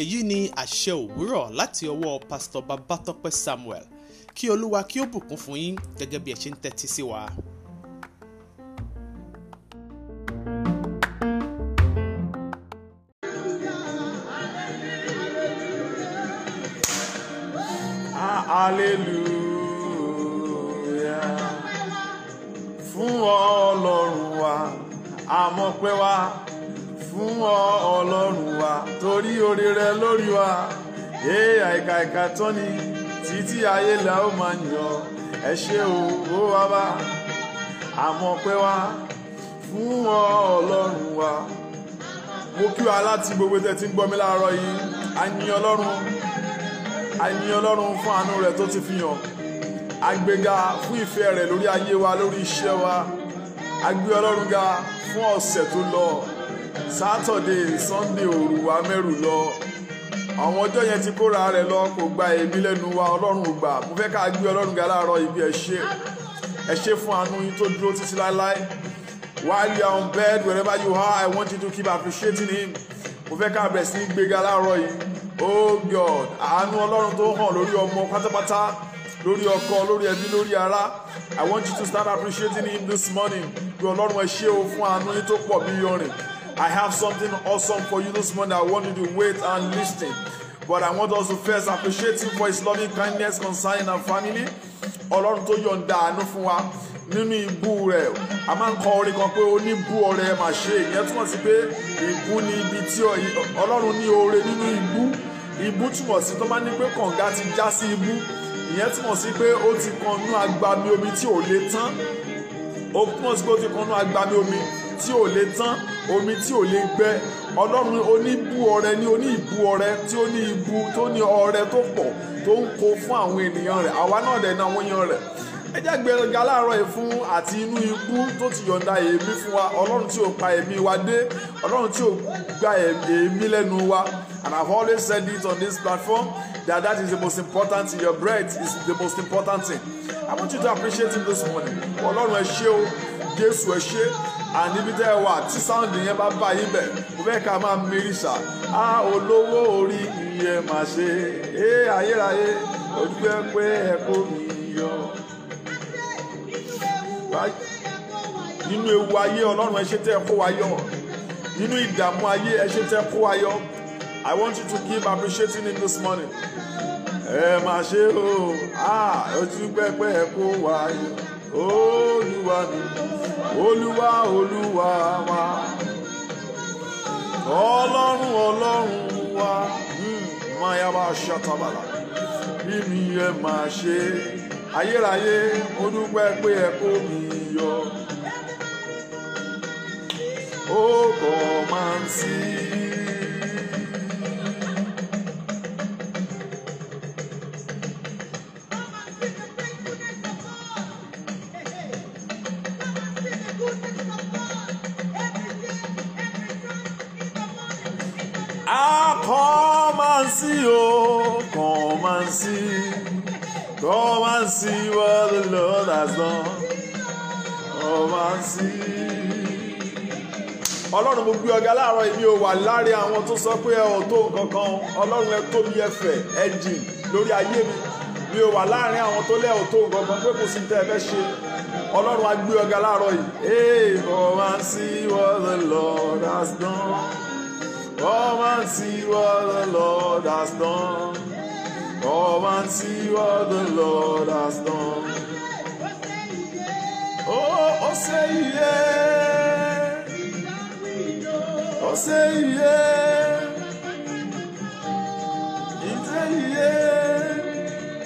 èyí ni àṣẹ òwúrọ̀ láti ọwọ́ pásítọ̀ Babátọ́pẹ́ Samuel kí Olúwa kí ó bùkún fún yín gẹ́gẹ́ bí ẹ ṣe ń tẹ́tí sí wa. tán ni títí ayé la ó máa yàn ẹ ṣé o ó wá bá àmọ́ pé wá fún ọ ọlọ́run wa mo kí wa láti gbogbo tẹ́ ti ń gbọ́ mi láàárọ̀ yìí àyìn ọlọ́run àyìn ọlọ́run fún àánú rẹ̀ tó ti fi hàn àgbéga fún ìfẹ́ rẹ̀ lórí ayé wa lórí iṣẹ́ wa àgbé ọlọ́run ga fún ọ̀sẹ̀ tó lọ sátọ̀dé sunday òru wa mẹ́rù lọ àwọn ọjọ́ yẹn ti kóra rẹ̀ lọ kò gba èmi lẹ́nu wa ọlọ́run gbà mo fẹ́ ká gbé ọlọ́run ga láàárọ̀ ibi ẹ̀ ṣe fún àánú yín tó dúró títí láéláé while you are on bed wherever you are I want you to keep appreciating him mo fẹ́ ká bẹ̀rẹ̀ sí gbéga láàárọ̀ yìí oh God àánú ọlọ́run tó hàn lórí ọmọ pátápátá lórí ọkọ lórí ẹbí lórí ará I want you to start appreciating him this morning bí ọlọ́run ẹ ṣé o fún àánú yín tó pọ̀ bí yọrin I have something awesome for you this morning. I want you to wait and listen. But I want us to first appreciate you for his loving kindness concern, and family. Ọlọ́run tó yọ̀ǹda àánú fún wa nínú ibú rẹ̀ a máa ń kọ orin kan pé ó ní mà ṣe ìyẹn túmọ̀ sí pé ìbú ni ibi tí Ọlọ́run ní oore nínú ibú ibú túmọ̀ sí tó máa ní pé kànga ti já sí ibú ìyẹn túmọ̀ sí pé ó ti kanú agbami omi tí ò lè tán ó túmọ̀ sí pé ó ti kanú agbami omi tí ò lè tán omi tí ò lè gbẹ ọlọ́run oníbú ọrẹ ní oní ìbú ọrẹ tí ó ní ìbú tó ní ọrẹ tó pọ̀ tó ń kó fún àwọn ènìyàn rẹ̀ àwa náà dẹ̀ ní àwọn èèyàn rẹ̀ ẹ jẹ́ gbẹ̀rẹ̀gà láàárọ̀ ìfún àti inú ikú tó ti yọ̀ǹda èémí fún wa ọlọ́run tí ò pa èémí wa dé ọlọ́run tí ò gba èémí lẹ́nu wa and I've always said it on this platform that that is the most important thing your bread is the most important thing I want you to appreciate him this morning ọlọ́run ẹ ṣé o Jésù ẹ ṣé àníbi tẹ́ ẹ wà tí sáùndì yẹn bá bá yín bẹ̀ mo fẹ́ ká máa mérìṣà á olówó orí iye mà ṣe é ayérayé ojú ẹ pé ẹ kó mi yọ. nínú ewu ayé ọlọ́run ẹ ṣe tẹ́ ẹ kó wa yọ nínú ìdààmú ayé ẹ ṣe tẹ́ kó wa yọ I want you to keep appreciating him this morning. ẹ mà ṣe o ojú pẹpẹ ẹ kó wa yọ olúwa mi olúwa olúwa wa ọlọ́run ọlọ́run wa máa yá wa ṣàtàbàlà bí mi ẹ máa ṣe ayérayé mo dúpẹ́ pé ẹ kó mi yọ ó kọ̀ máa ń sí i. see, oh, come and see. Come and see what the Lord has done. Come and see. Ọlọ́run mo gbé ọ̀gá láàárọ̀ èmi ò wà láre àwọn tó sọ pé ẹ ò tó nǹkan kan Ọlọ́run ẹ tóbi ẹ̀fẹ̀ ẹ jìn lórí ayé mi mi ò wà láàrin àwọn tó lẹ́ ò tó nǹkan kan pé kò sí tẹ́ ẹ fẹ́ ṣe Ọlọ́run á gbé ọ̀gá láàárọ̀ yìí. Hey, come and see what the Lord has done. Come and see what the Lord has done. Come and see what the Lord has done. Oh, oh say yeah. Oh say yeah. yeah.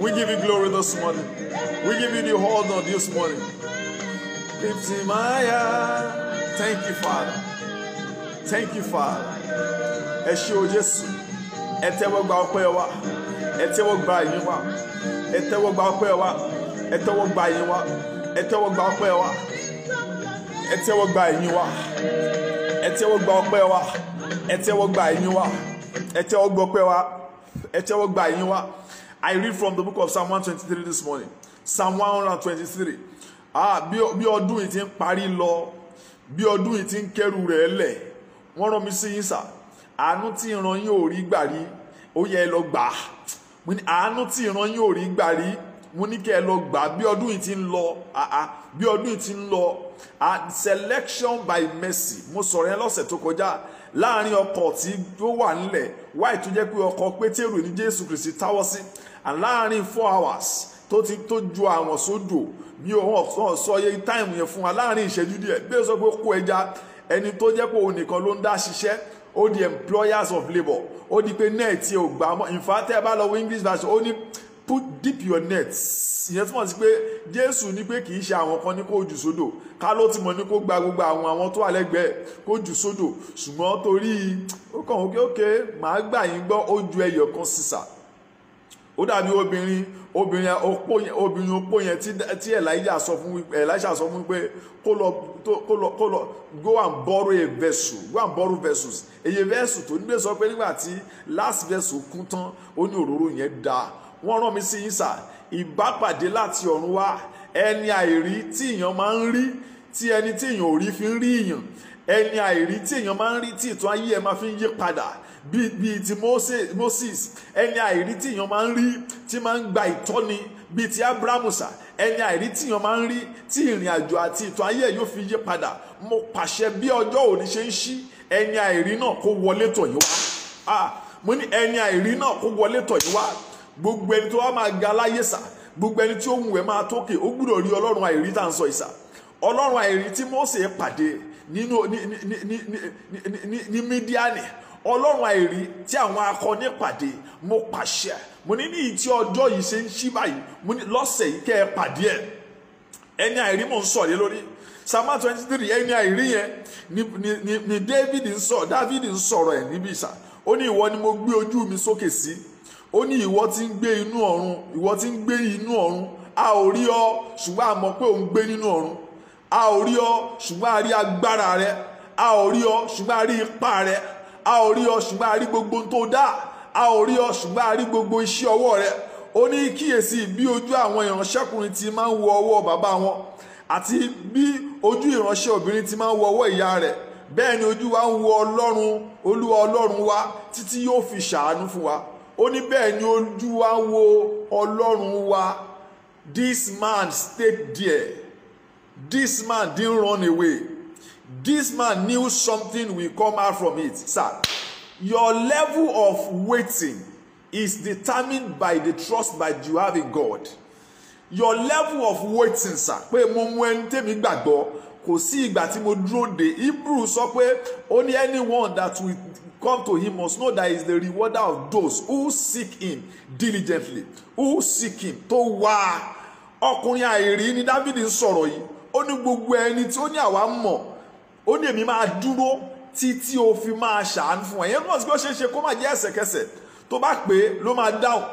We give you glory this morning. We give you the honor this morning. Lift him Thank you, Father. thank you father ẹ ṣé o jésù ẹ tẹ́wọ́ gba ọpẹ́ wa ẹ tẹ́wọ́ gba ìyìn wa ẹ tẹ́wọ́ gba ọpẹ́ wa ẹ tẹ́wọ́ gba ìyìn wa ẹ tẹ́wọ́ gba ọpẹ́ wa ẹ tẹ́wọ́ gba ìyìn wa ẹ tẹ́wọ́ gba ọpẹ́ wa ẹ tẹ́wọ́ gba ìyìn wa ẹ tẹ́wọ́ gba ọpẹ́ wa ẹ tẹ́wọ́ gba ìyìn wa I read from the book of Psalm one twenty three this morning Psalm one hundred and twenty three ah bí ọdún yìí ti ń parí lọ bí ọdún yìí ti ń kẹrù rẹ̀ lẹ̀ wọ́n rán mi sí yín sà àánú tí ìran yín ò rí gbà rí ó yẹ ẹ lọ gbà á mo ní àánú tí ìran yín ò rí gbà rí mo ní kẹ́ ẹ lọ gbà á bí ọdún yìí ti ń lọ bí ọdún yìí ti ń lọ selection by mercy mo sọ̀rọ̀ yẹn lọ́sẹ̀ tó kọjá láàrin ọkọ̀ tí ó wà nílẹ̀ wáì tó jẹ́ pé ọkọ̀ pétérù ní jésù kristi táwọ́ sí and láàrin four hours tó ti tó ju àwọn sódò mi ò hàn sọ iye time. yẹn fún wa láàrin ìṣẹ́jú díẹ̀ bí ó sọ pé ó kó ẹja ẹni tó jẹ́ pé òun nìkan ló ń dá ṣiṣẹ́ ó di employers of labour ó di pé net yẹ ò gbà mọ́ in fact tẹ́ ẹ bá lọ wo english version ó ní put deep your net ìyẹn túmọ̀ sí pé jésù ní pé kì í ṣe àwọn kan ní kó jù sódò ká ló ti mọ̀ ní kó gba gbogbo àwọn àwọn tó wà lẹ́gbẹ̀ẹ́ kó jù sódò ṣùgbọ́n torí ó kàn ókè ókè màá gbà yín gbọ́ ó ju ẹyọ kan sísà ó dàbí obìnrin obìnrin opó yẹn obìnrin opó yẹn tí Elijah sọ fún Elisha sọ fún pé kó lọ kó lọ kó lọ go and borrow a vessel go and borrow vessels èyí vessel tó nígbè sọ pé nígbà tí last vessel kún tán ó ní òróró yẹn da wọ́n rán mi sí yín sà ìbápàdé láti ọ̀run wá ẹni àìrí tí èèyàn máa ń rí tí ẹni tí èèyàn ò rí fi ń rí èèyàn ẹni àìrí tí èèyàn máa ń rí tí ìtàn ayé ẹ máa fi ń yí padà bíi bíi ti Moses ẹni àìrí tí èèyàn máa ń rí tí máa ń gba ìtọ́ni bíi ti Abrahamu sà ẹni àìrí tí èèyàn máa ń rí tí ìrìn àjò àti ìtàn ayé yóò fi yí padà mo pàṣẹ bí ọjọ́ òní ṣe ń ṣí ẹni àìrí náà kó wọlé tọ̀ yìí wá mo ní ẹni àìrí náà kó wọlé tọ̀ yìí wá gbogbo ẹni tó wá máa ga láyé sà gbogbo ẹni tí ó wù ẹ́ máa tókè ó gbúdọ̀ rí ọlọ́run àìrí tá à ń sọ ìsà ọlọ́run àìrí tí Mósè pàdé nínú ní ní ní ní ní ní mídíàní ọlọ́run àìrí tí àwọn akọni pàdé mo pàṣẹ mo ní ní ìtí ọjọ́ yìí ṣe ń ṣí báyìí mo ní lọ́sẹ̀ yìí kẹ́ ẹ pàdé ẹ̀ ẹni àìrí mò ń sọ̀ lé lórí sama twenty three ẹni àìrí yẹn ni ni ni david ń sọ david ń sọ̀rọ̀ ẹ̀ níbí ìṣà ó ní ìwọ ni mo gbé ojú mi sókè sí ó ní ìwọ ti ń gbé inú ọ̀run ìwọ ti ń gbé inú ọ̀run a ò rí ọ ṣùgbọ́n a mọ̀ pé òun gbé nínú ọ̀run a ò rí ọ ṣùgbọ́n a rí agbára rẹ a ò rí ọ ṣùgbọ́n a rí ipá rẹ a ò rí ọ ṣùgbọ́n a rí gbogbo ohun tó dá a ò rí ọ ṣùgbọ́n a rí gbogbo iṣẹ́ ọwọ́ rẹ ó ní kíyèsí bí ojú àwọn ìránṣẹ́kùnrin ti máa ń wo ọwọ́ bàbá wọn àti bí ojú ìránṣẹ́ obìnrin ti máa ń wo ọwọ́ ìyá rẹ̀ bẹ́ẹ̀ ni ojú wa ń wo ọlọ́run olúwa ọlọ́run wa títí yóò fi ṣàánú fún wa ó ní bẹ́ẹ̀ ni ojú wa ń wo ọlọ́run wa this man stayed there this man didn't run away This man knew something will come out from it. Sir, your level of waiting is determined by the trust that you have in God. Your level of waiting, sir, pé mo mú ẹni tèmi gbàgbọ́, kò sí ìgbà tí mo dúró de. Hebrew sọ pé only anyone that will come to him must know that he is the rewarder of those who seek him diligently, who seek him tó wá. Ọkùnrin àìrí ni David ń sọ̀rọ̀ yìí. Ó ní gbogbo ẹni tí ó ní àwa mọ̀ ó ní èmi máa dúró títí o fi máa ṣàánú fún ẹ yẹn mọ̀ sí pé ó ṣeé ṣe kó má jẹ́ ẹsẹ̀kẹsẹ̀ tó bá pè é ló máa dáhùn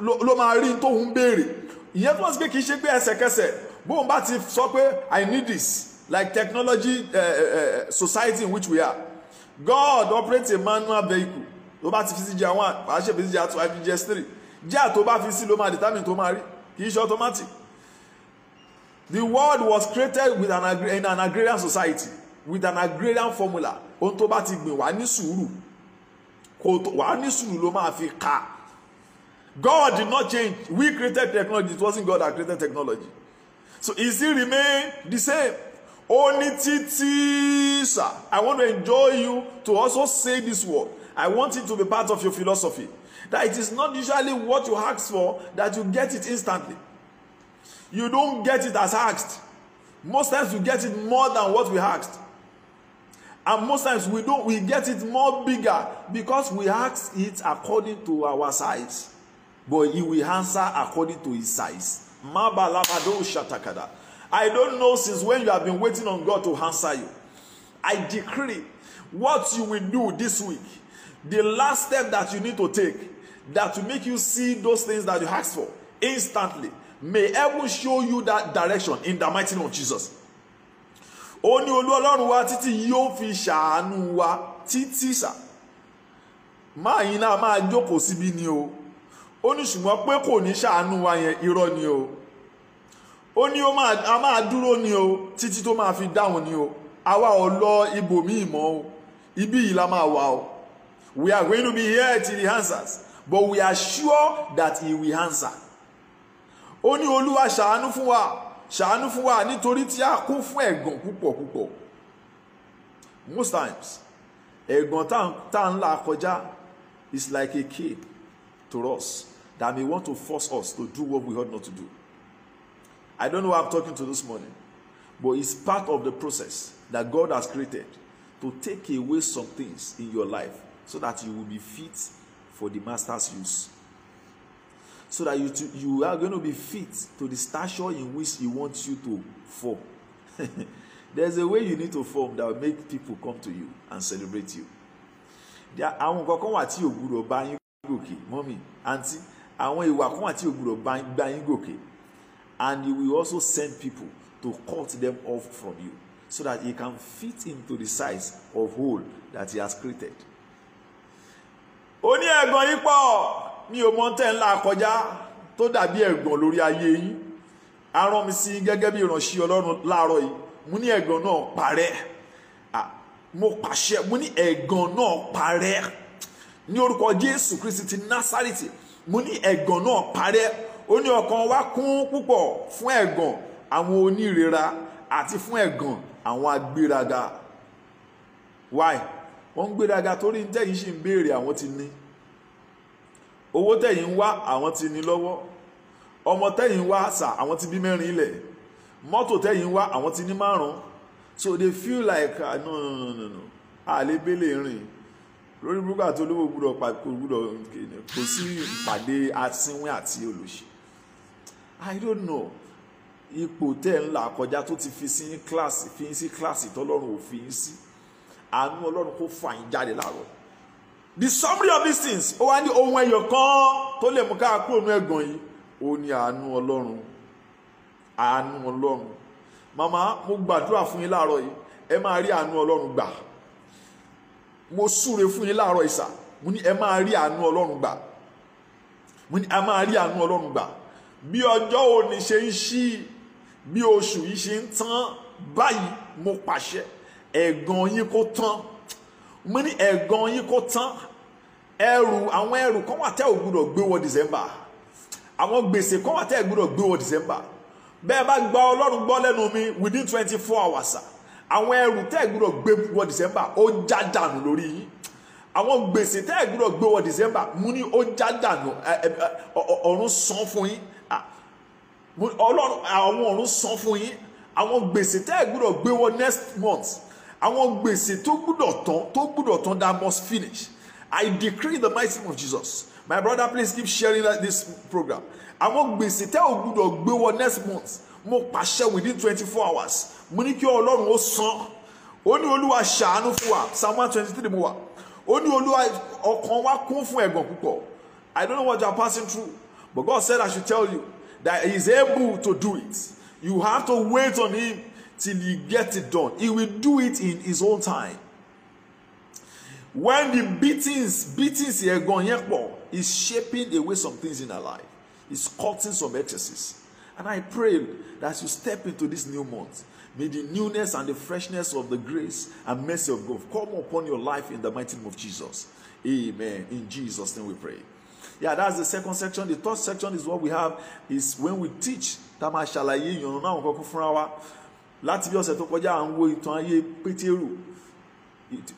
ló máa rí tóun béèrè ìyẹn tó ń pé kì í ṣe pé ẹsẹ̀kẹsẹ̀ bóun bá ti sọ pé i need this like technology uh, uh, society in which we are god operates a manual vehicle tó bá ti fi sí jẹ́ one wàá ṣe fi sí jẹ́ two àfi jẹ́ three jẹ́ àtó bá fi sí ló máa determine tó máa rí kì í ṣe automatic the world was created with an agri in an agrarian society with an agrarian formula ohun tó bá ti gbìn wá ní sùúrù wá ní sùúrù ló máa fi kà God did not change we created technology it wasn't God that created technology so it still remain the same only titi sir I want to enjoy you to also say this word I want it to be part of your philosophy that it is not usually what you ask for that you get it instantly you don't get it as asked most times you get it more than what we asked and most times we don't we get it more bigger because we ask it according to our size but he will answer according to his size mabalabado shatakada i don't know since when you have been waiting on god to answer you i decree what you will do this week the last step that you need to take that will make you see those things that you asked for instantly may heaven show you that direction in the mighty name of Jesus ó ní olú ọlọ́run wa títí yóò fi ṣàánú wa títí ṣá máa yín náà máa jókòó síbi ni o ó ní ṣùgbọ́n pé kò ní ṣàánú wa yẹn irọ́ ni o ó ní a máa dúró ni o títí tó máa fi dáhùn ni o àwa ò lọ ibòmíì mọ́ o ibí yìí la máa wà o we are going to be here till he answers but we are sure that he will answer ó ní olúwa ṣàánú fún wa ṣàánú fún wa nítorí tí a kún fún ẹ̀gàn púpọ̀ púpọ̀ most times ẹ̀gàn tá à ń là kọjá is like a key to us that may want to force us to do what we ought not to do I don't know who I'm talking to this morning but it's part of the process that God has created to take away some things in your life so that you will be fit for the master's use so that you to, you are going to be fit to the stature in which he wants you to form there's a way you need to form that will make people come to you and celebrate you àwọn nǹkan kan wà tí ògbúdọ̀ bá yín gòkè mọ́mì àǹtí àwọn ìwà kan wà tí ògbúdọ̀ bá yín gòkè and you will also send people to cut them off from you so that you can fit into the size of hole that he has created. ó ní ẹ̀gàn yín pọ̀ mi ò mọ tẹ́ ń la kọjá tó dàbí ẹ̀gbọ́n lórí ayé yín arán mi sí gẹ́gẹ́ bí ìránṣẹ́ ọlọ́run láàárọ̀ yìí mo ní ẹ̀gbọ́n náà parẹ́ mo pàṣẹ mo ní ẹ̀gbọ́n náà parẹ́ ní orúkọ jésù kristi ti násárìtì mo ní ẹ̀gàn náà parẹ́ ó ní ọkàn wa kún púpọ̀ fún ẹ̀gàn àwọn onírera àti fún ẹ̀gàn àwọn agbéraga why wọ́n ń gbéraga torí ń tẹ́yìn sì ń béèrè àwọn ti ní owó tẹ̀yìn wá àwọn ti ní lọ́wọ́ ọmọ tẹ̀yìn wá sà àwọn ti bí mẹ́rin ilẹ̀ mọ́tò tẹ̀yìn wá àwọn ti ní márùn so they feel like ah, no no no no no àlébélé rìn lórí búrúkà tó lówó gbúdọ̀ gbúdọ̀ kò sí ìpàdé asínwín àti olóṣì i don't know ipò tẹ́ ń là kọjá tó ti fi sí kíláàsì fi sí kíláàsì tọ́lọ́run ò fi sí àánú ọlọ́run kó fà yín jáde láàárọ̀ the summary of these things ó wá ní ohun ẹyọ kan tó lè mú ká kúrò ní ẹ̀gàn yìí ó ní àánú ọlọ́run àánú ọlọ́run màmá mo gbàdúrà fún yín láàárọ̀ yìí ẹ máa rí àánú ọlọ́run gbà mo súre fún yín láàárọ̀ ìsà mo ní ẹ máa rí àánú ọlọ́run gbà mo ní ẹ máa rí àánú ọlọ́run gbà bí ọjọ́ òní ṣe ń ṣí bí oṣù yìí ṣe ń tán báyìí mo pàṣẹ ẹ̀gàn yín kó tán mo ní ẹ̀gàn yín kó tán ẹrù àwọn ẹrù kan wà tẹ́ ò gbúdọ̀ gbé wọ December àwọn gbèsè kan wà tẹ́ ò gbúdọ̀ gbé wọ December bẹ́ẹ̀ bá gba Ọlọ́run gbọ́ lẹ́nu mi within twenty four hours àwọn ẹrù tẹ́ ò gbúdọ̀ gbé wọ December ó já dànù lórí yín àwọn gbèsè tẹ́ ò gbúdọ̀ gbé wọ December mo ní ó já dànù ọ̀run san fún yín Ọlọ́run àwọn ọ̀run san fún yín àwọn gbèsè tẹ́ ò gbúdọ̀ gbé wọ next month àwọn gbèsè tó gbúdọ̀ tán tó gbúdọ̀ tán that must finish I decree the mighty of Jesus my brother please keep sharing that this program àwọn gbèsè tẹ́ ò gbúdọ̀ gbé wọ next month mo pàṣẹ within twenty four hours mo ní kí ọlọ́run ó san ó ní olúwa ṣàánú fún wa psalm one twenty three mo wà ó ní olúwa ọkàn wa kún fún ẹ̀gàn púpọ̀ I don't know what you are passing through but God said I should tell you that he is able to do it you have to wait on him till you get it done. He will do it in his own time. When the beatings, beatings here gone here is shaping away some things in our life, it's cutting some excesses. And I pray that as you step into this new month. May the newness and the freshness of the grace and mercy of God come upon your life in the mighty name of Jesus. Amen. In Jesus' name we pray. Yeah, that's the second section. The third section is what we have is when we teach láti bí ọ̀sẹ̀ tó kọjá à ń wo ìtàn ayé pétérù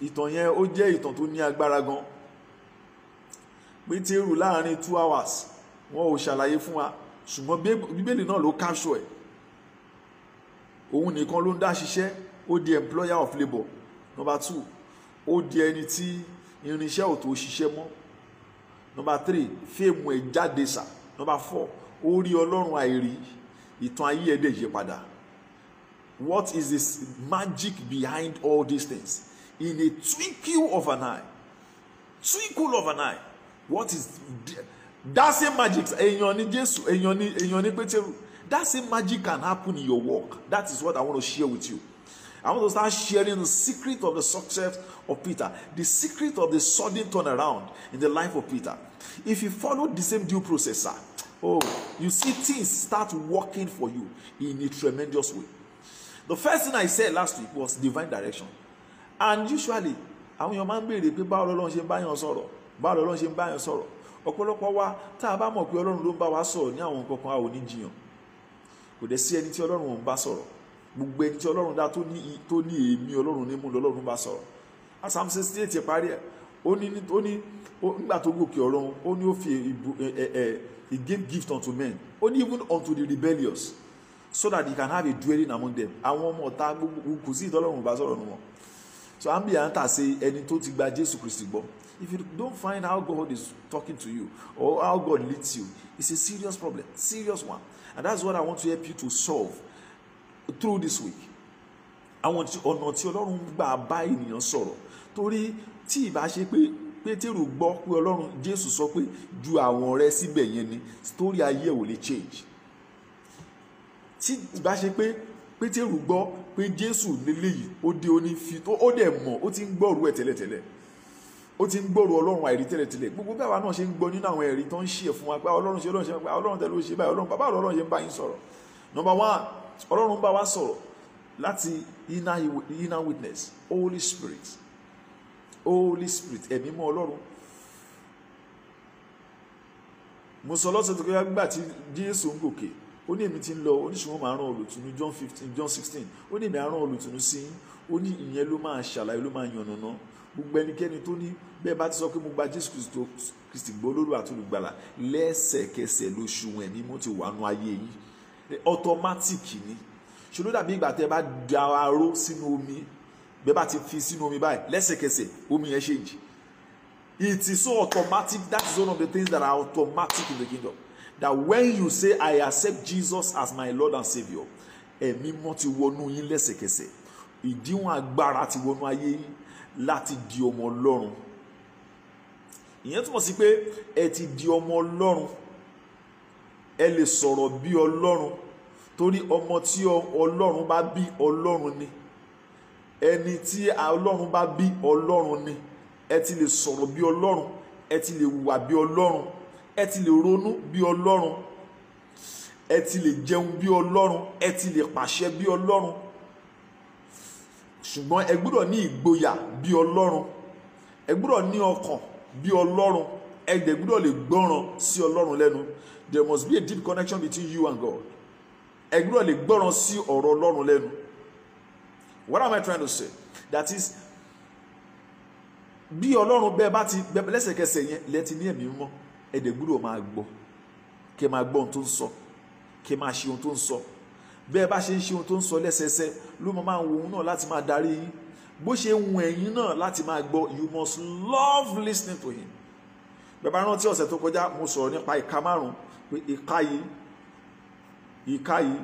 ìtàn yẹn ó jẹ́ ìtàn tó ní agbára gan pétérù láàrin two hours wọn ò ṣàlàyé fún wa ṣùgbọ́n bíbélì náà ló káṣọ ẹ̀ òun nìkan ló ń dá ṣiṣẹ́ ó di employer of labour number two ó di ẹni tí irinṣẹ́ ò tó ṣiṣẹ́ mọ́ number three fíìmù ẹ̀ jáde sà number four ó rí ọlọ́run àìrí ìtàn ayé ẹ̀ dẹ̀ yí padà. What is this magic behind all these things? In a twinkle of an eye, twinkle of an eye, what is that same magic? That same magic can happen in your work. That is what I want to share with you. I want to start sharing the secret of the success of Peter, the secret of the sudden turnaround in the life of Peter. If you follow the same due processor, oh, you see things start working for you in a tremendous way. the first thing i said last week was divine direction and usually àwọn èèyàn máa ń béèrè pé báwo lọ́lọ́run ṣe ń báyàn sọ̀rọ̀ báwo lọ́lọ́run ṣe ń báyàn sọ̀rọ̀ ọ̀pọ̀lọpọ̀ wa tá a bá mọ̀ pé ọlọ́run ló ń bá wa sọ̀rọ̀ ní àwọn nǹkan kan a ò ní jiyàn kò dẹ̀ sí ẹni tí ọlọ́run ò ń bá sọ̀rọ̀ gbogbo ẹni tí ọlọ́run dá tó ní èémí ọlọ́run nímú lọ́lọ́run bá sọ̀rọ̀ asamse state parí ẹ̀ ó ní ó ní nígbà tó gòkè ọ̀rọ̀ ó ní ó fi he gave gift unto men ó ní even unto the rebellious so that he can have a dwelling among them àwọn ọmọ ọ̀tá gbogbo kò sí ìtọ́lọ́run bá sọ̀rọ̀ nù wọn so à ń bìyà ń tà sí ẹni tó ti gba Jésù Kristi gbọ́ if you don't find how God is talking to you or how God leads you it's a serious problem serious one and that's what I want to help you to solve through this week àwọn ọ̀nà tí Ọlọ́run gbà bá ènìyàn sọ̀rọ̀ torí tí ìbá ṣe pé Pétérù gbọ́ pé Ọlọ́run Jésù sọ pé ju àwọn rẹ síbẹ̀ yẹn ni story ayé ò lè change tí ìbá ṣe pé pétérù gbọ́ pé jésù lélẹ́yìí ó dé ó ní fi ó dẹ̀ mọ̀ ó ti ń gbọ́rú ẹ̀ tẹ́lẹ̀tẹ́lẹ̀ ó ti ń gbòòrò ọlọ́run àìrí tẹ́lẹ̀tẹ́lẹ̀ gbogbo báwa náà ṣe ń gbọ́ nínú àwọn ẹ̀rí tó ń ṣe fún wa pé ọlọ́run ṣe ọlọ́run ṣe pé ọlọ́run tẹ́lẹ̀ ó ṣe báyìí ọlọ́run bàbá ọlọ́run ṣe ń bá yín sọ̀rọ̀ nọmba one ọlọ́run bá wa sọ̀rọ̀ láti inner witness holy spirit holy spirit ẹ̀mí mọ́ ọlọ́run mo sọ lọ́sẹ̀ tó kọjá gbà tí jésù ń gòkè ó ní èmi ti ń lọ ó ní ṣùgbọ́n màá rán olùtùnú John fifteen John sixteen ó ní èmi á rán olùtùnú sí yín ó ní ìyẹn ló máa ṣàlàyé ló máa yànnàná gbogbo ẹnikẹ́ni tó ní bẹ́ẹ̀ bá ti sọ pé mo gba Jésù Kristi gbọ́ lórí àtúndùgbàlà lẹ́sẹ̀kẹsẹ̀ lóṣùwọ̀n ẹ̀mí mo ti wà nú ayé yìí ọtọmátìkì ni ṣòro dàbí ìgbà tẹ bá da aró sínú omi bẹ́ẹ̀ bá ti fi sínú omi báyìí lẹ́sẹ̀kẹsẹ̀ omi yẹn ṣe jì it is so automatic that is one of the things that are automatic in the kingdom that when you say I accept Jesus as my Lord and Saviour ẹ̀mí mọ́ ti wọnú yín lẹ́sẹ̀kẹsẹ̀ ìdíwọ̀n agbára ti wọnú ayé yín láti di ọmọ Ọlọ́run ìyẹn túmọ̀ sí pé ẹ ti di ọmọ Ọlọ́run ẹ lè sọ̀rọ̀ bí Ọlọ́run torí ọmọ tí Ọlọ́run bá bí Ọlọ́run ni ẹni tí Ọlọ́run bá bí Ọlọ́run ni ẹ ti lè sọ̀rọ̀ bí Ọlọ́run ẹ ti lè wà bí Ọlọ́run ẹ ti lè ronú bí ọlọ́run ẹ ti lè jẹun bí ọlọ́run ẹ ti lè pàṣẹ bí ọlọ́run ṣùgbọ́n ẹ gbọ́dọ̀ ní ìgboyà bí ọlọ́run ẹ gbọ́dọ̀ ní ọkàn bí ọlọ́run ẹ dẹ̀ gbọ́dọ̀ lè gbọ́ràn sí ọlọ́run lẹ́nu there must be a deep connection between you and God ẹ gbọ́dọ̀ lè gbọ́ràn sí ọ̀rọ̀ ọlọ́run lẹ́nu what am I trying to say that is bí ọlọ́run bẹ́ẹ̀ bá ti lẹ́sẹ̀kẹsẹ̀ yẹn lẹ́ẹ̀ ti ní ẹ̀mí mímọ́ ẹ̀dẹ̀ gbúdọ̀ máa gbọ́ kẹ́ máa gbọ́ ohun tó ń sọ kẹ́ máa ṣe ohun tó ń sọ bẹ́ẹ̀ bá ṣe ń ṣe ohun tó ń sọ lẹ́sẹẹsẹ ló máa ń wo òun náà láti máa darí yín bó ṣe ń wù ẹ̀yin náà láti máa gbọ́ you must love listening to him bẹ́ẹ̀ bá rántí ọ̀sẹ̀ tó kọjá mo sọ̀rọ̀ nípa ìka márùn pé ìka yìí ìka yìí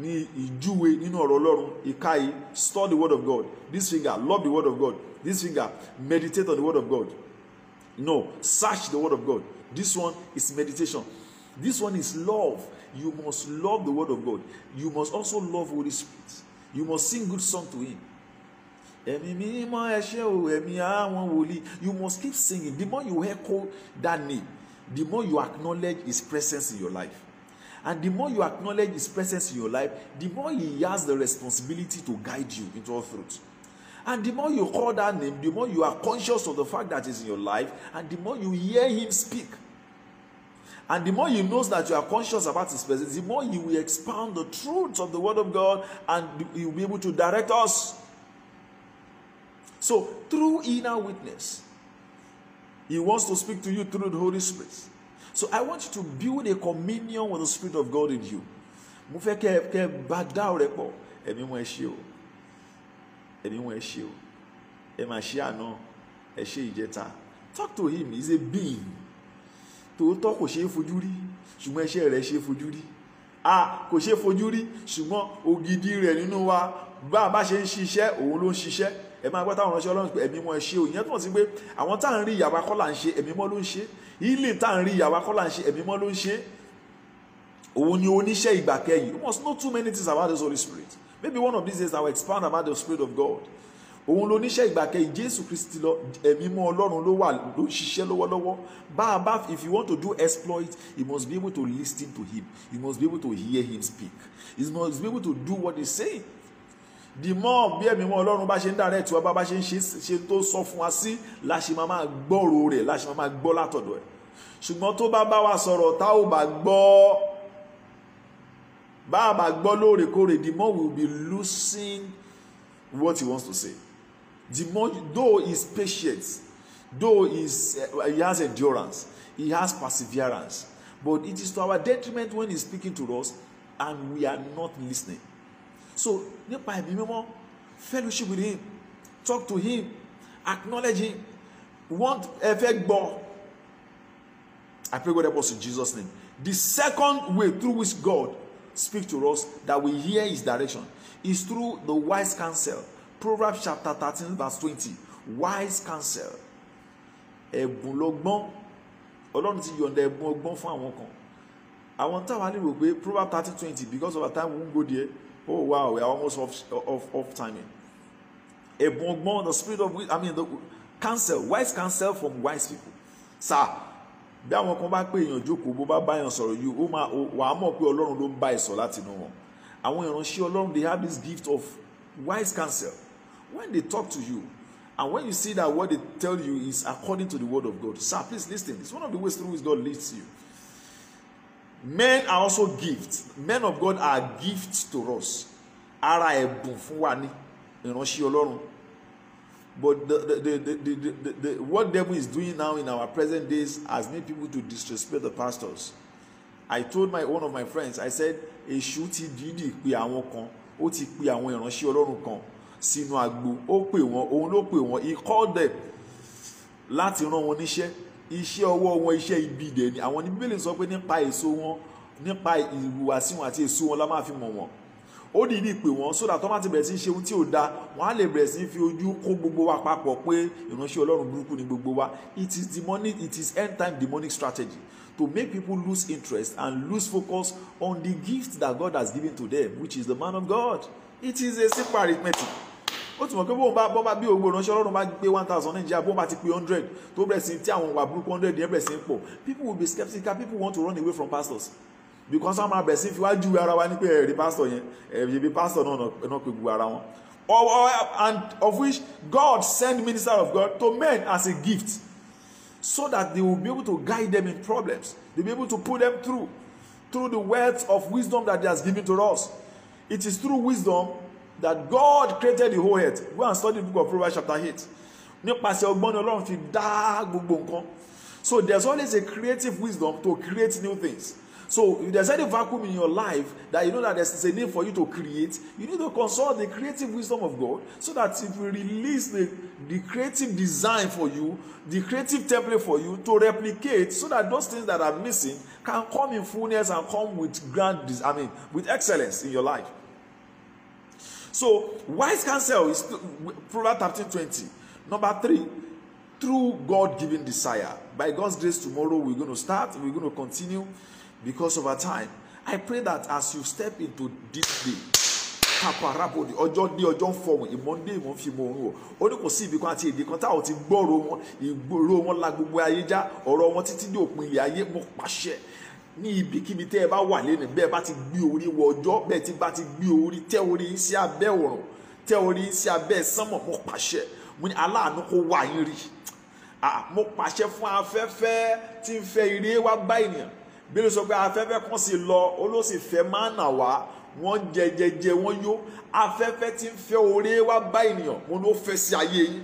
ní ìjúwe nínú ọ̀rọ̀ ọlọ́run ìka yìí study the word of God this finger love the word of God this finger meditate on the word of God No, search the word of God. This one is meditation. This one is love. You must love the word of God. You must also love Holy Spirit. You must sing good song to him. Ẹ̀mí mímọ́ ẹ o, ẹ̀mí àwọn wòlíì. You must keep singing. The more you echo that name, the more you acknowledge his presence in your life. And the more you acknowledge his presence in your life, the more he has the responsibility to guide you into all truth. And the more you call that name, the more you are conscious of the fact that is in your life, and the more you hear him speak. And the more He knows that you are conscious about his presence, the more He will expound the truths of the word of God and He will be able to direct us. So, through inner witness, he wants to speak to you through the Holy Spirit. So, I want you to build a communion with the Spirit of God in you. mo fẹ́ kẹ́ ẹ ẹni wọn ẹ ṣe o ẹ máa ṣe àná ẹ ṣe ìjẹta talk to him he's a being tòótọ́ kò ṣeé fojú rí ṣùgbọ́n ẹṣẹ́ rẹ̀ ṣeé fojú rí a kò ṣeé fojú rí ṣùgbọ́n ògidì rẹ̀ nínú wa bá a bá ṣe ń ṣiṣẹ́ òun ló ń ṣiṣẹ́ ẹ máa gbọ́ táwọn ránṣẹ́ ọlọ́run pé ẹ̀mí wọn ṣe òyìn tó ń sí pé àwọn tá à ń rí ìyàwó akọ́là ń ṣe ẹ̀mí mọ́ ló ń ṣe ilé tá à ń rí ìyàwó akọ́là ń ṣe ẹ̀mí mọ́ ló ń ṣe òun ni oníṣẹ́ ìgbà kẹyìn you must know too many things about this Holy Spirit maybe one of these days i will expand about the spirit of god òun ló níṣẹ́ ìgbàkẹ́yìn jésù kristi lọ ẹ̀mí mọ́ ọlọ́run ló wà ló ṣiṣẹ́ lọ́wọ́lọ́wọ́ bá bá if you want to do exploit you must be able to listen to him you must be able to hear him speak you must be able to do what he say the more bí ẹ̀mí mọ́ ọlọ́run bá ṣe ń dàrẹ́ tiwa bá bá ṣe ń ṣe tó sọ fún wa sí láṣẹ máa máa gbọ́rò rẹ̀ láṣẹ máa máa gbọ́ látọ̀dọ̀ ẹ̀ ṣùgbọ́n tó bá bá wa sọ̀rọ̀ tá ò bá gbọ́ bá gbọ́ lóòrèkóòrè the more we will be losing what he wants to say the more though he is patient though he, is, uh, he has endurance he has perseverance but it is to our detriment when he is speaking to us and we are not listening so nípa ẹ̀mí mímọ́ fellowship with him talk to him acknowledge him want ẹ fẹ́ gbọ́ I pray God help us in Jesus name the second way through which God speak to us that we hear his direction is through the wise counsel proverbs chapter thirteen verse twenty wise counsel ẹ̀bùn lọ́gbọ́n ọlọ́run ti yọ̀ǹda ẹ̀bùn ọgbọ́n fún àwọn kan àwọn táwa lè rò pé proverbs thirteen twenty because of our time we won go there oh wow we are almost off off off timing ẹ̀bùn ọgbọ́n the spirit of i mean the counsel wise counsel from wise people sir bí àwọn kan bá pè èèyàn jókòó bó bá báyàn sọ̀rọ̀ yìí ó máa wà á mọ̀ pé ọlọ́run ló ń bá ẹ sọ látinú wọn àwọn ìránṣẹ́ ọlọ́run they have this gift of wise counsel when they talk to you and when you see that what they tell you is according to the word of God sir please listen it's one of the ways through which God leads you men are also gifts men of God are gifts to us ara ẹ̀bùn fún wa ní ìránṣẹ́ ọlọ́run But the, the, the, the, the, the, the, what devil is doing now in our present days has made people to disrespect the pastors. I told my one of my friends, I said, Èṣù ti didi pè àwọn kan, ó ti pè àwọn ìránṣẹ́ Ọlọ́run kan sínú agbo, ó pè wọ́n, òun ló pè wọ́n, he called them láti rán wọn níṣẹ́, iṣẹ́ ọwọ́ wọn iṣẹ́ ibi dẹ̀ ni, àwọn ní Bíbélì sọ pé nípa èso wọn, nípa ìhùwàsí wọn àti èso wọn la ma fi mọ̀ wọ́n ó dìídì pè wọ́n sódà tó má ti bẹ̀rẹ̀ sí í ṣe ohun tí ò da wọ́n á lè bẹ̀rẹ̀ sí í fi ojú kó gbogbo wa papọ̀ pé ìránṣẹ́ ọlọ́run burúkú ni gbogbo wa it is demonic it is end time demonic strategy to make people lose interest and lose focus on the gift that God has given to them which is the man of God it is a simple arithmetic ó ti mọ̀ pé bóun bá bọ́ bá bí owó ìránṣẹ́ ọlọ́run bá gbé one thousand Nàìjíríà bóun bá ti pé hundred tó bẹ̀rẹ̀ sí tí àwọn ìwà burúkú hundred yẹn bẹ̀rẹ̀ sí pọ̀ people will be skeptical people want to run away from pastors because wọ́n máa bẹ̀ sí fiwájú ara wa ní pé ẹ̀rí pásítọ̀ yẹn ẹ̀rí bí pásítọ̀ náà náà pé gbogbo ara wọn and of which God send minister of God to men as a gift so that they will be able to guide them in problems. They will be able to pull them through, through the wealth of wisdom that He has given to us. It is through wisdom that God created the whole earth. Go and study the book of Proverbs chapter eight. Nípasẹ̀ ọgbọ́n ni Ọlọ́run fi dá gbogbo nǹkan. So there's always a creative wisdom to create new things. So if there's any vacuum in your life that you know that there's a need for you to create, you need to consult the creative wisdom of God so that it will release the, the creative design for you, the creative template for you to replicate so that those things that are missing can come in fullness and come with grand, I mean, with excellence in your life. So wise counsel is Proverbs 13 20. Number three, through God-given desire. By God's grace, tomorrow we're going to start, we're going to continue because of our time i pray that as you step into this day kaparabodi ọjọ́ ní ọjọ́ ń fọhùn ìmọ̀ndé ìmọ̀ fi mọ òun o ó ní kò sí ibi kan àti èdè kan táwọn ti gbọ́rọ̀ wọn ìgboro wọn la gbogbo ayé já ọ̀rọ̀ wọn títí ní òpin ilẹ̀ ayé mo pàṣẹ ní ibikíbi tẹ́ ẹ bá wà lẹ́nu bẹ́ẹ̀ bá ti gbé orí wọ ọjọ́ bẹ́ẹ̀ ti bá ti gbé orí tẹ́ orí sí abẹ́ ọ̀run tẹ́ orí sí abẹ́ sánmọ̀ mo pàṣẹ mo ní aláàánú kó wà yín rí mo pàṣẹ fún afẹ́fẹ́ tí ń fẹ́ ire wá bá ènìyàn bíbélì sọ pé afẹ́fẹ́ kan sì lọ ó ló sì fẹ́ máa nà wá wọ́n jẹjẹjẹ wọ́n yó afẹ́fẹ́ tí ń fẹ́ oore wá bá ènìyàn mo ní ó fẹ́ sí ayé yín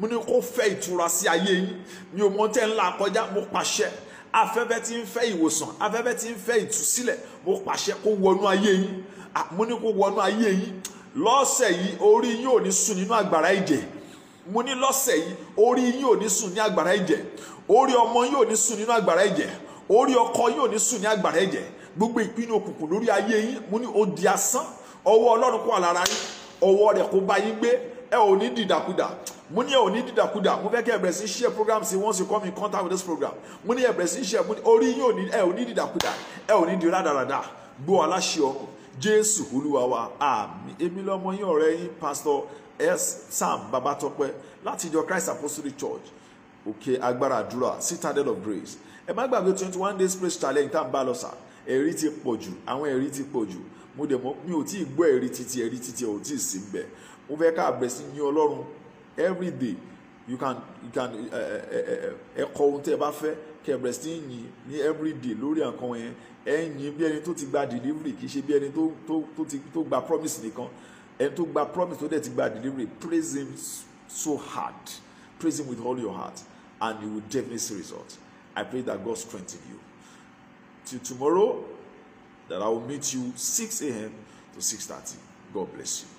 mo ní kó fẹ́ ìtura sí ayé yín mi ò mọ tẹ́ ńlá kọjá mo pàṣẹ afẹ́fẹ́ tí ń fẹ́ ìwòsàn afẹ́fẹ́ tí ń fẹ́ ìtúsílẹ̀ mo pàṣẹ kó wọnú ayé yín mo ní kó wọnú ayé yín lọ́sẹ̀ yìí orí yín ò ní sùn nínú àgbàrá ìjẹ mo ní lọ́sẹ̀ yìí orí yín ò ní sùn ní àgbàrá ìjẹ orí ọmọ yín ò ní sùn nínú àgbàrá ìjẹ orí ọkọ yín ò ní sùn ní àgbàrá ẹ̀jẹ̀ gbogbo ìpinnu òkùnkùn lórí ayé yín mo ní ó di asán ọwọ́ ọlọ́run kó àlàra yín ọwọ́ rẹ̀ kó bá yín gbé ẹ ò ní dìdàkudà mo ní ẹ ò ní dìdàkudà mo fẹ́ kẹ́ ẹ bẹ̀rẹ̀ sí share program sí once you come in contact with this program mo ní ẹ bẹ̀rẹ̀ sí share orí yín ẹ ò ní dìdàkudà ẹ ò ní di rádaràdà gbọ́ aláṣẹ ọkùn jésù olúwa wa àmì èmi lọ́mọ yín ọ̀rẹ́ yín pastor s sam babatope láti ìjọ christ apostolic church òkè agbára àdúrà citadel of grace ẹ má gbàgbé twenty one days praise challenge tá à ń bá lọ sà ẹ̀rí ti pọ̀ jù àwọn ẹ̀rí ti pọ̀ jù mo dẹ̀ mọ́ mi ò tí ì gbọ́ ẹ̀rí títí ẹ̀rí títí ẹ̀ ò tí ì sí bẹ̀ mo fẹ́ ká bẹ̀ sí ní ọlọ́run every day you can you can ẹ kọ ohun tẹ́ ẹ bá fẹ́ kẹ́ bẹ̀rẹ̀ sí ní yìn ní every day lórí nǹkan yẹn ẹ yìn bí ẹni tó ti gba delivery kì í ṣe bí ẹni tó tó tó gba promise nìkan ẹni tó gba promise tó dẹ̀ ti gba delivery praise him so hard praise him with all your heart and you will definitely see results. I pray that God strengthen you. Till tomorrow, that I will meet you 6 a.m. to 6:30. God bless you.